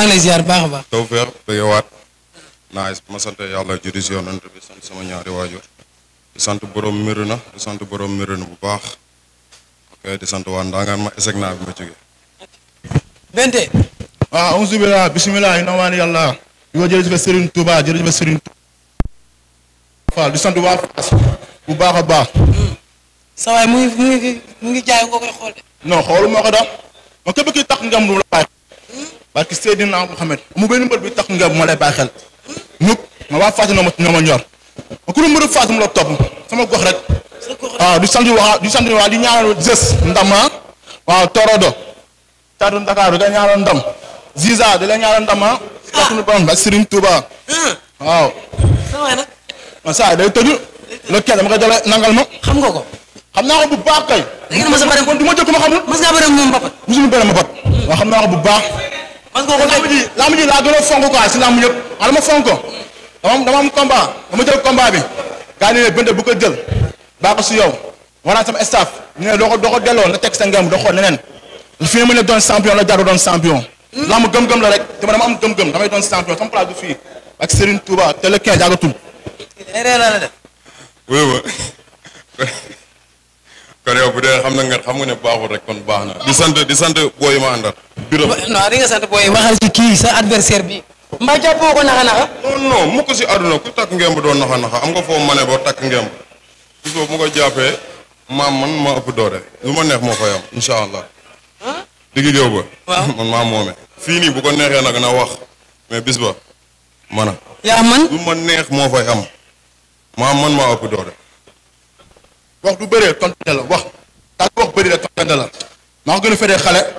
maa ngi lay ziar baax ma sant yàlla juri si yonent sant sama ñaari waajur sant borom Mirina di sant bu baax sant waa Ndangaan ma eseg naa bi ma jógee. yi naan yàlla. yoo jërëjëf Serigne Touba jërëjëf Serigne Touba. di sant waa bu baax a baax. Hmm. sa mu ngi mu ngi koy xool de. non xooluma ko daal ma képp ki tax ngam lu la. barki Seydina Muhammad mu benn mbër bi tax nga ma lay bàyyi xel ma wa Fatou ñoo ma ñor ko ku ne mbëru Fatou mu sama gox rek ah du sandi wa du sandi wa di ñaanal jess ndama ah. wa waaw Torodo Taatu dakaru da ñaanal ndam Ziza da la ñaanal ndama ah. tax ah. nu Borom ba Serigne Touba waaw ma sa day tëju lo kenn dama ko jëlee nangal ma xam nga ko xam naa ko bu baax kay ngeen ma sa bëri kon du ma xamul ma sa bare ngaa bëri musu moom mbapat musuma bëri mbapat xam ko bu baax man nga ko lamb ji laa gën a fonk quoi ko am combat dama jël combat bi gars yi ne Bende bu jël baa ko si yow ma naan sama staff ñu doo ko doo ko delloo na teg sa doo xool leneen fi nga mën a doon champion la jaadu doon champion. lamb gëm-gëm la rek te ma dama am gëm-gëm damay doon champion sama place du fii ak Serigne Touba te le 15 yàggatul. wéy kon yow bu dee xam na nga xam nga ne baaxul rek kon baax na di sant di sant booy ma àndal. biram non di nga sant booy waxal ci kii sa adversaire bi mbaa jàppoo ko naxa naxa non non mu ko si ku takk ngemb doon naxa naxa am nga foo mane boo takk ngemb bis boobu mu ko man ma ëpp doole lu neex moo fay am insha allah diggi géew ba man bu ko na wax mais mana Ya man lu neex moo fay am maam man maa ëpp doole wax du bëree tontante wax daal wax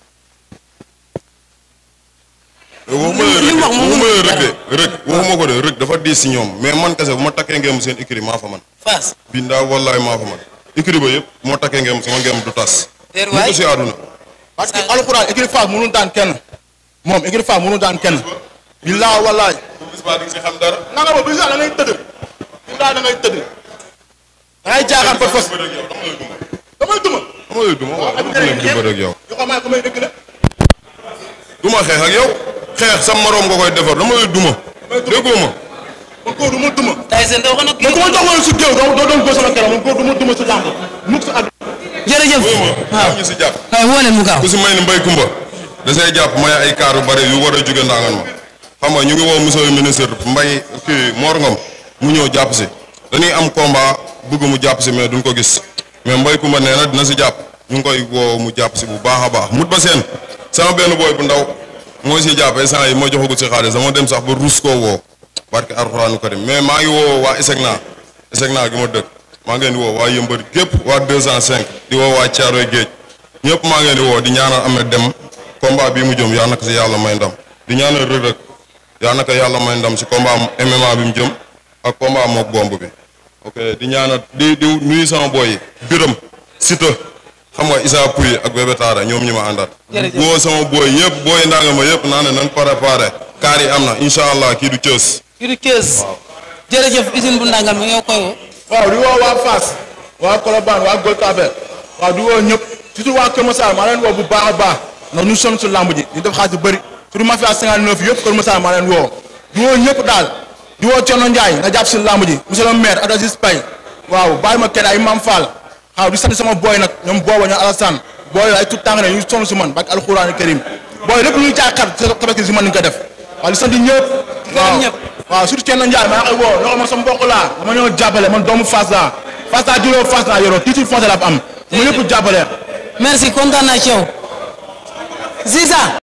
waxuma la waxuma de rëg waxuma ko de rëg dafa diis si ñoom mais man kese bu ma takkee ngeen seen écrit maa fa man faas bindaa wallaay maa fa man écrit ba yëpp moo takkee ngeen sama ngeen mu parce que alxuraan écrit faas mënul daan kenn moom daan kenn bindaa wallaay duma xeex ak yow xeex sa morom nga koy defar dama lay duma. déggoo ma. man duma. si géew doo ma duma si làmb may mbay kumba. da jàpp may ay kaar yu bëri yu war a jóge ndangan ma xam nga ñu ngi woo monsieur le ministre Mbaye kii Mor mu ñëw jàpp si dañuy am combat bëgg mu jàpp si mais duñ ko gis mais mbay kumba nee na dina si jàpp ñu ngi koy woo mu jàpp si bu baax a baax mut ba seen sama benn booy bu ndaw moo si jàpp instant yi moo joxagul si xaalis dama dem sax ba rus koo woo barke alxuraanu karim mais maa ngi woo waa ISECNA ISECNA gi ma dëkk maa ngi leen di woo waa yëmbër gépp waa 205 di woo waa Caaroy Géej ñëpp maa ngi leen di woo di ñaanal amee dem combat bi mu jëm yaa naka si yàlla may ndam di ñaanal Reug Reug yaa naka yàlla may ndam si combat MMA bi mu jëm ak combat mook bomb bi ok di ñaana di di nuyu sama boy Biram Siteu xam nga Issa Pouye ak Bébé Tara ñoom ñu ma àndat boo sama booy yëpp booy ndanga ma yëpp nan préparé kaar yi am na incha allah kii du Thiès kii du Thiès jërëjëf usine bu ndàngam mi nga koy woo waaw di woo waa Fass waa Colobane waa di woo ñëpp surtout waa Kër Massar maa leen woo bu baax a baax ndax ñu sonn su lamb ji ñu def xaalis bu bëri surtout mafia 59 yëpp Kër Massar maa leen woo di woo ñëpp daal di woo Thierno Ndiaye nga jàpp si lamb ji monsieur le maire waaw di sant sama booy nag ñoom booba ñoom Alassane booy ay tout tàng ne ñu sonn si man bak alxuraan karim booy lépp luy jàkkaar tabaski si man ñu ko def waaw di sant ñëpp ñëpp waaw surtout Thierno Ndiaye maa koy woo loxo man sama mbokk laa ma ñoo jàppale ma doomu Fass laa Fass laa juróo Fass laa yoroo la am ma ñëpp jàppale merci kontaan naa ci yow